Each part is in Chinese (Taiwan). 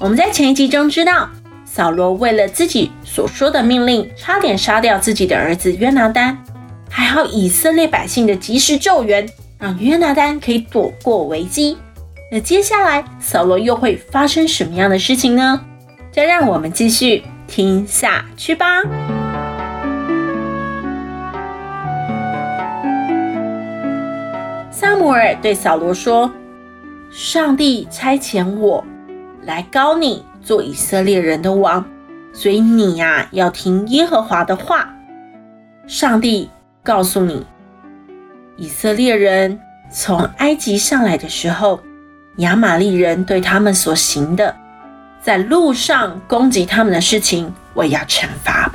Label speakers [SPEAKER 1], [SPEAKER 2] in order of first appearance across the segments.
[SPEAKER 1] 我們在前一集中知道，掃羅為了自己所說的命令，差點殺掉自己的兒子約拿單，還好以色列百姓的及時救援，讓約拿單可以躲過危機。那接下來掃羅又會發生什麼樣的事情呢？就讓我們繼續聽下去吧。撒母耳對掃羅說：“上帝差遣我。”來膏你做以色列人的王，所以你呀、啊、要聽耶和華的話。上帝告訴你，以色列人從埃及上來的時候，亞瑪力人對他們所行的，在路上攻擊他們的事情，我也要懲罰。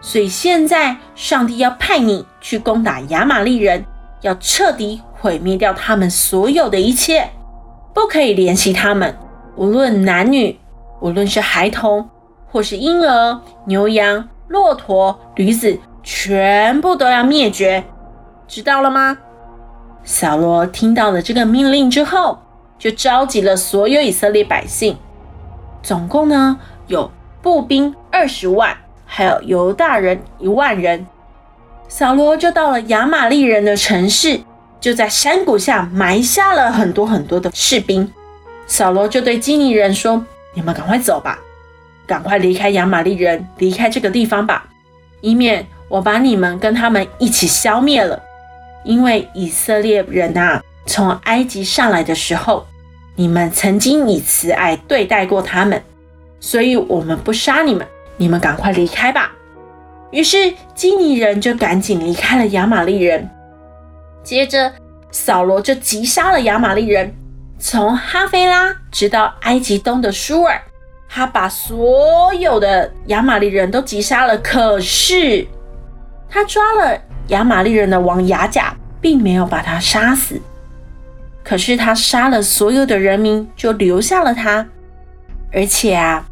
[SPEAKER 1] 所以現在上帝要派你去攻打亞瑪力人，要徹底毀滅掉他們所有的一切，不可以憐惜他們。無論男女，無論是孩童或是嬰兒、牛羊、駱駝、驢子，全部都要滅絕，知道了嗎？掃羅聽到了這個命令之後，就召集了所有以色列百姓，總共呢有步兵二十萬，還有猶大人一萬人。掃羅就到了亞瑪力人的城市，就在山谷下埋下了很多很多的士兵。掃羅就對基尼人說：“你們趕快走吧，趕快離開亞瑪利人，離開這個地方吧，以免我把你們跟他們一起消滅了。因為以色列人吶、啊，從埃及上來的時候，你們曾經以慈愛對待過他們，所以我們不殺你們，你們趕快離開吧。”於是基尼人就趕緊離開了亞瑪力人。接着，掃羅就擊殺了亞瑪力人。從哈菲拉直到埃及東的舒爾，他把所有的亞瑪力人都擊殺了。可是，他抓了亞瑪力人的王亞甲，並沒有把他殺死。可是他殺了所有的人民，就留下了他。而且啊，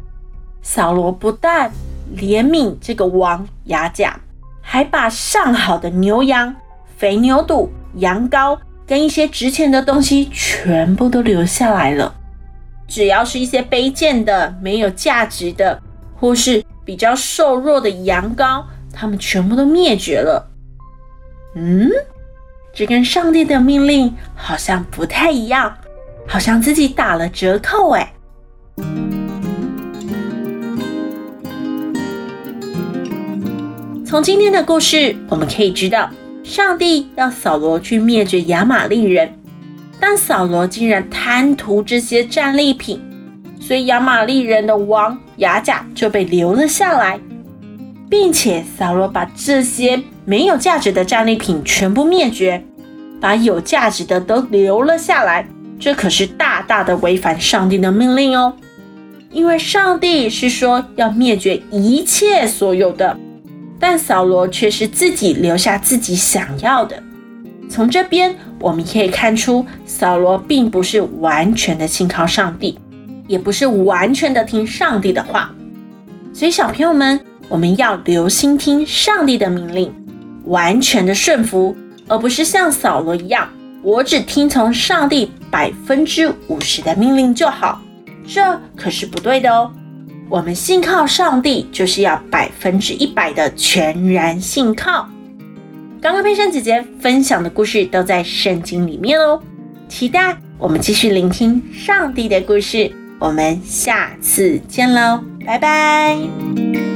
[SPEAKER 1] 掃羅不但憐憫這個王亞甲，還把上好的牛羊、肥牛犢、羊羔，跟一些值錢的東西全部都留下來了，只要是一些卑賤的、沒有價值的，或是比較瘦弱的羊羔，它們全部都滅絕了。嗯，這跟上帝的命令好像不太一樣，好像自己打了折扣哎。從今天的故事，我們可以知道。上帝讓掃羅去滅絕亞瑪力人，但掃羅竟然貪圖這些戰利品，所以亞瑪力人的王亞甲就被留了下來，並且掃羅把這些沒有價值的戰利品全部滅絕，把有價值的都留了下來。這可是大大的違反上帝的命令哦，因為上帝是說要滅絕一切所有的。但掃羅卻是自己留下自己想要的。從這邊我們可以看出，掃羅並不是完全的信靠上帝，也不是完全的聽上帝的話。所以小朋友們，我們要留心聽上帝的命令，完全的順服，而不是像掃羅一樣，我只聽從上帝百分之五十的命令就好。這可是不對的哦。我們信靠上帝，就是要百分之一百的全然信靠。剛剛佩珊姐姐分享的故事都在聖經裡面哦，期待我們繼續聆聽上帝的故事。我們下次見嘍，拜拜。